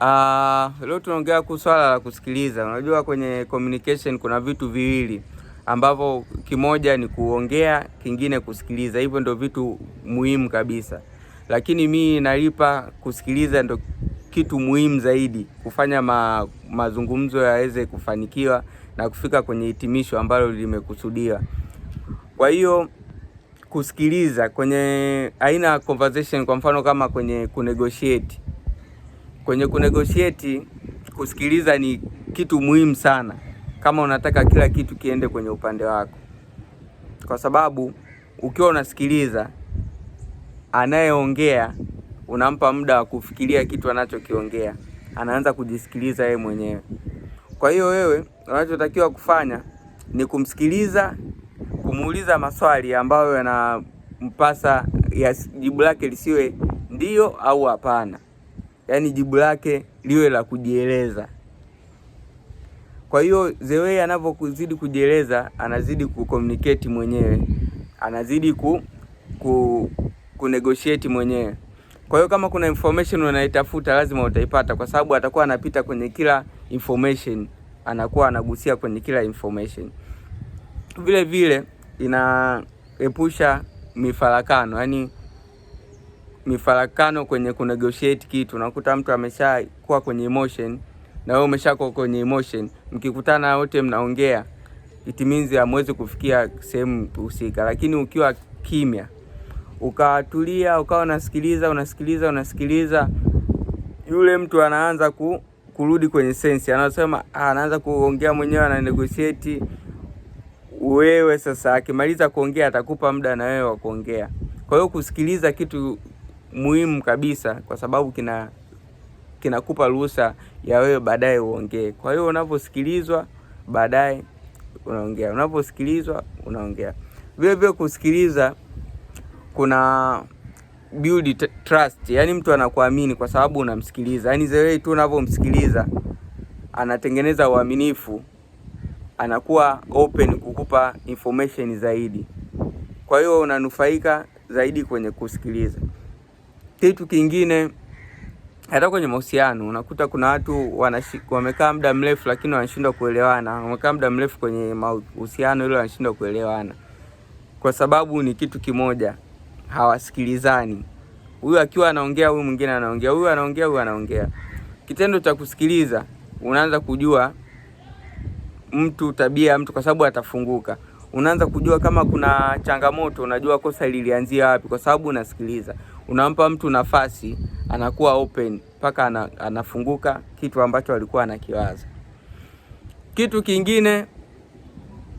Uh, leo tunaongea kuhusu swala la kusikiliza. Unajua kwenye communication kuna vitu viwili ambavyo kimoja ni kuongea, kingine kusikiliza. Hivyo ndio vitu muhimu kabisa, lakini mi nalipa kusikiliza ndio kitu muhimu zaidi kufanya ma, mazungumzo yaweze kufanikiwa na kufika kwenye hitimisho ambalo limekusudiwa. Kwa hiyo kusikiliza kwenye aina ya conversation, kwa mfano kama kwenye kunegotiate kwenye kunegotiate, kusikiliza ni kitu muhimu sana, kama unataka kila kitu kiende kwenye upande wako, kwa sababu ukiwa unasikiliza anayeongea, unampa muda wa kufikiria kitu anachokiongea, anaanza kujisikiliza yeye mwenyewe. Kwa hiyo wewe unachotakiwa kufanya ni kumsikiliza, kumuuliza maswali ambayo yanampasa ya jibu lake lisiwe ndio au hapana yani jibu lake liwe la kujieleza. Kwa hiyo Zewei anavyozidi kujieleza, anazidi kucommunicate mwenyewe, anazidi ku, ku, ku negotiate mwenyewe. Kwa hiyo kama kuna information unaitafuta lazima utaipata, kwa sababu atakuwa anapita kwenye kila information, anakuwa anagusia kwenye kila information. Vile vile inaepusha mifarakano, yani, mifarakano kwenye kunegotiate kitu, unakuta mtu ameshakuwa kwenye emotion na wewe umeshakuwa kwenye emotion, mkikutana wote mnaongea, it means hamwezi kufikia sehemu husika. Lakini ukiwa kimya, ukatulia, ukawa unasikiliza, unasikiliza, unasikiliza, yule mtu anaanza ku, kurudi kwenye sensi, anasema ah, anaanza kuongea mwenyewe, ana negotiate wewe. Sasa akimaliza kuongea, atakupa muda na wewe wa kuongea. Kwa hiyo kusikiliza kitu muhimu kabisa, kwa sababu kina kinakupa ruhusa ya wewe baadaye uongee. Kwa hiyo unaposikilizwa, baadaye unaongea, unaposikilizwa, unaongea. Vile vile kusikiliza kuna build trust, yani mtu anakuamini kwa sababu unamsikiliza. Yani zewei tu unavyomsikiliza anatengeneza uaminifu, anakuwa open kukupa information zaidi. Kwa hiyo unanufaika zaidi kwenye kusikiliza kitu kingine, hata kwenye mahusiano unakuta kuna watu wamekaa muda mrefu, lakini wanashindwa kuelewana. Wamekaa muda mrefu kwenye mahusiano ile, wanashindwa kuelewana kwa sababu ni kitu kimoja, hawasikilizani. Huyu akiwa anaongea, huyu mwingine anaongea, huyu anaongea, huyu anaongea. Kitendo cha kusikiliza, unaanza kujua mtu tabia mtu, kwa sababu atafunguka unaanza kujua kama kuna changamoto, unajua kosa lilianzia wapi, kwa sababu unasikiliza. Unampa mtu nafasi, anakuwa open mpaka ana, anafunguka kitu ambacho alikuwa anakiwaza. Kitu kingine,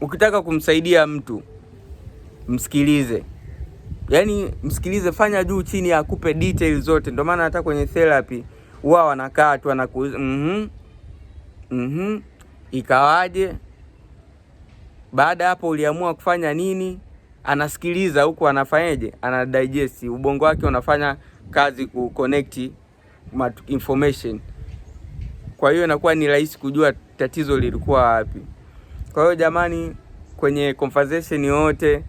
ukitaka kumsaidia mtu msikilize, yaani msikilize, fanya juu chini, akupe details zote. Ndio maana hata kwenye therapy wao wanakaa tu wanakuuliza, mhm, mhm, ikawaje baada hapo uliamua kufanya nini? Anasikiliza huku anafanyaje? Ana digest, ubongo wake unafanya kazi ku connect information. Kwa hiyo inakuwa ni rahisi kujua tatizo lilikuwa wapi. Kwa hiyo jamani, kwenye conversation yote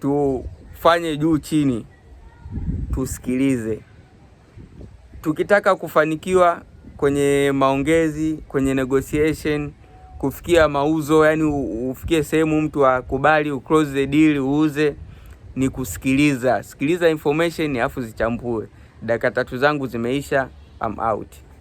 tufanye juu chini, tusikilize. Tukitaka kufanikiwa kwenye maongezi, kwenye negotiation kufikia mauzo, yani ufikie sehemu mtu akubali uclose the deal uuze, ni kusikiliza. Sikiliza information afu zichambue. Dakika tatu zangu zimeisha, I'm out.